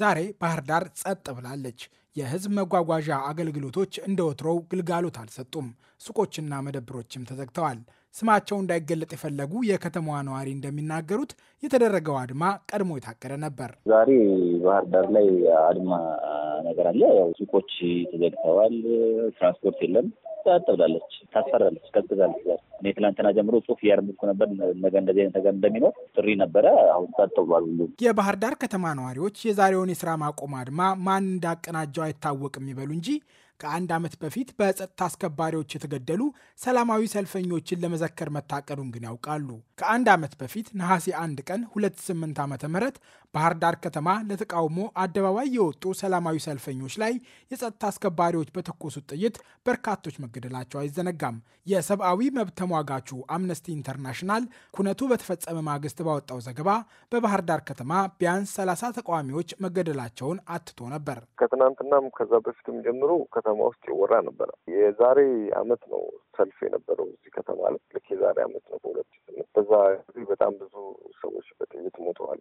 ዛሬ ባህር ዳር ጸጥ ብላለች። የህዝብ መጓጓዣ አገልግሎቶች እንደ ወትሮው ግልጋሎት አልሰጡም። ሱቆችና መደብሮችም ተዘግተዋል። ስማቸው እንዳይገለጥ የፈለጉ የከተማዋ ነዋሪ እንደሚናገሩት የተደረገው አድማ ቀድሞ የታቀደ ነበር። ዛሬ ባህር ዳር ላይ አድማ ነገር አለ። ያው ሱቆች ተዘግተዋል። ትራንስፖርት የለም። ጸጥ ብላለች። ታስፈራለች። ቀዝቅዛለች። እኔ ትላንትና ጀምሮ ጽሁፍ እያርምኩ ነበር፣ ነገ እንደዚህ አይነት ነገር እንደሚኖር ጥሪ ነበረ። አሁን ጸጥ ብሏል ሁሉም። የባህር ዳር ከተማ ነዋሪዎች የዛሬውን የስራ ማቆም አድማ ማን እንዳቀናጀው አይታወቅም ይበሉ እንጂ ከአንድ ዓመት በፊት በጸጥታ አስከባሪዎች የተገደሉ ሰላማዊ ሰልፈኞችን ለመዘከር መታቀዱን ግን ያውቃሉ። ከአንድ ዓመት በፊት ነሐሴ 1 ቀን 28 ዓ ም ባህር ዳር ከተማ ለተቃውሞ አደባባይ የወጡ ሰላማዊ ሰልፈኞች ላይ የጸጥታ አስከባሪዎች በተኮሱት ጥይት በርካቶች መገደላቸው አይዘነጋም። የሰብአዊ መብት ተሟጋቹ አምነስቲ ኢንተርናሽናል ኩነቱ በተፈጸመ ማግስት ባወጣው ዘገባ በባህር ዳር ከተማ ቢያንስ 30 ተቃዋሚዎች መገደላቸውን አትቶ ነበር። ከትናንትናም ከዛ በፊትም ጀምሮ ከተማ ውስጥ ይወራ ነበረ። የዛሬ አመት ነው ሰልፍ የነበረው እዚህ ከተማ ላይ ልክ የዛሬ አመት ነው በሁለት ስምንት በዛ ጊዜ በጣም ብዙ ሰዎች በጥይት ሞተዋል።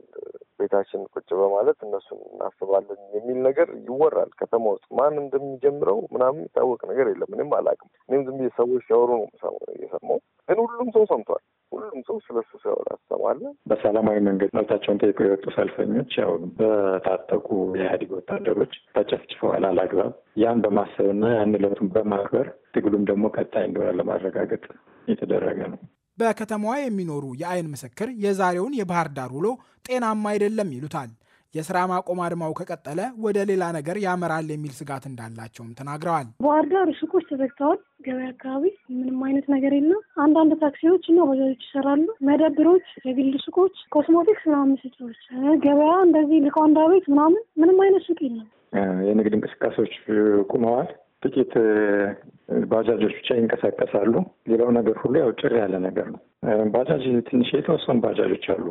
ቤታችን ቁጭ በማለት እነሱን እናስባለን የሚል ነገር ይወራል። ከተማ ውስጥ ማን እንደሚጀምረው ምናምን የሚታወቅ ነገር የለም። እኔም አላውቅም። እኔም ዝም ብዬ ሰዎች ሲያወሩ ነው የሰማው ግን ሁሉም ሰው ሰምቷል። ሁሉም ሰው ስለሱ ሲያወራ ትሰማለህ። በሰላማዊ መንገድ መብታቸውን ጠይቀው የወጡ ሰልፈኞች ያው በታጠቁ የኢህአዴግ ወታደሮች ተጨፍጭፈዋል አላግባብ። ያን በማሰብና ያን ዕለቱን በማክበር ትግሉም ደግሞ ቀጣይ እንደሆነ ለማረጋገጥ የተደረገ ነው። በከተማዋ የሚኖሩ የአይን ምስክር የዛሬውን የባህር ዳር ውሎ ጤናማ አይደለም ይሉታል። የስራ ማቆም አድማው ከቀጠለ ወደ ሌላ ነገር ያመራል የሚል ስጋት እንዳላቸውም ተናግረዋል። ባህር ዳር ሱቆች ተዘግተዋል። ገበያ አካባቢ ምንም አይነት ነገር የለም። አንዳንድ ታክሲዎች እና ባጃጆች ይሰራሉ። መደብሮች፣ የግል ሱቆች፣ ኮስሞቲክስ ምናምን ስጫዎች፣ ገበያ እንደዚህ ልኳንዳ ቤት ምናምን ምንም አይነት ሱቅ የለም። የንግድ እንቅስቃሴዎች ቁመዋል። ጥቂት ባጃጆች ብቻ ይንቀሳቀሳሉ። ሌላው ነገር ሁሉ ያው ጭር ያለ ነገር ነው። ባጃጅ ትንሽ የተወሰኑ ባጃጆች አሉ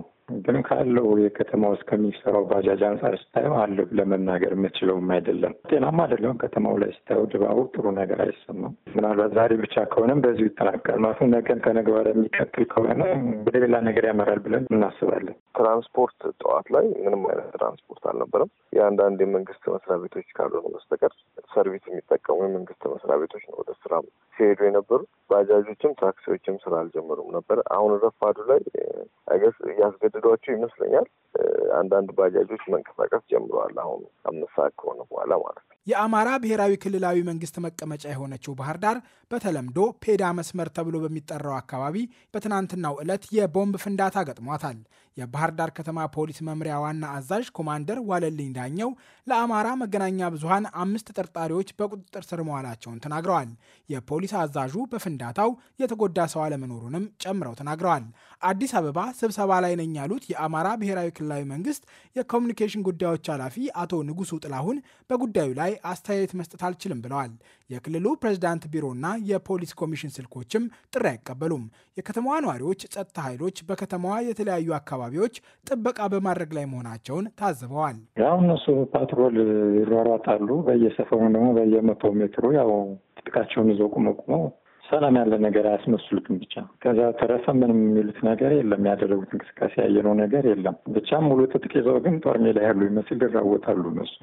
ግን ካለው የከተማ ውስጥ ከሚሰራው ባጃጅ አንጻር ስታየው አለ ለመናገር የምችለውም አይደለም። ጤናማ አይደለም። ከተማው ላይ ስታየው ድባቡ ጥሩ ነገር አይሰማም። ምናልባት ዛሬ ብቻ ከሆነም በዚሁ ይጠናቀል ማለት ነገን ከነገ ወዲያ የሚቀጥል ከሆነ ወደ ሌላ ነገር ያመራል ብለን እናስባለን። ትራንስፖርት ጠዋት ላይ ምንም አይነት ትራንስፖርት አልነበረም። የአንዳንድ የመንግስት መስሪያ ቤቶች ካልሆነ በስተቀር ሰርቪስ የሚጠቀሙ የመንግስት መስሪያ ቤቶች ነው ወደ ስራ ሲሄዱ የነበሩ ባጃጆችም ታክሲዎችም ስራ አልጀመሩም ነበር። አሁን ረፋዱ ላይ አይገስ እያስገድዷቸው ይመስለኛል አንዳንድ ባጃጆች መንቀሳቀስ ጀምረዋል። አሁን አምስት ሰዓት ከሆነ በኋላ ማለት ነው። የአማራ ብሔራዊ ክልላዊ መንግስት መቀመጫ የሆነችው ባህር ዳር በተለምዶ ፔዳ መስመር ተብሎ በሚጠራው አካባቢ በትናንትናው ዕለት የቦምብ ፍንዳታ ገጥሟታል። የባህር ዳር ከተማ ፖሊስ መምሪያ ዋና አዛዥ ኮማንደር ዋለልኝ ዳኘው ለአማራ መገናኛ ብዙሃን አምስት ተጠርጣሪዎች በቁጥጥር ስር መዋላቸውን ተናግረዋል። የፖሊስ አዛዡ በፍንዳ በፍንዳታው የተጎዳ ሰው አለመኖሩንም ጨምረው ተናግረዋል። አዲስ አበባ ስብሰባ ላይ ነኝ ያሉት የአማራ ብሔራዊ ክልላዊ መንግስት የኮሚኒኬሽን ጉዳዮች ኃላፊ አቶ ንጉሱ ጥላሁን በጉዳዩ ላይ አስተያየት መስጠት አልችልም ብለዋል። የክልሉ ፕሬዝዳንት ቢሮና የፖሊስ ኮሚሽን ስልኮችም ጥሪ አይቀበሉም። የከተማዋ ነዋሪዎች ጸጥታ ኃይሎች በከተማዋ የተለያዩ አካባቢዎች ጥበቃ በማድረግ ላይ መሆናቸውን ታዝበዋል። ያው እነሱ ፓትሮል ይሯሯጣሉ በየሰፈሩ ደግሞ በየመቶ ሜትሩ ያው ጥቃቸውን ይዘው ቁመቁመው ሰላም ያለ ነገር አያስመስሉትም። ብቻ ከዛ ተረፈ ምንም የሚሉት ነገር የለም። ያደረጉት እንቅስቃሴ ያየነው ነገር የለም። ብቻም ሙሉ ትጥቅ ይዘው ግን ጦር ሜዳ ያሉ ይመስል ይራወጣሉ እነሱ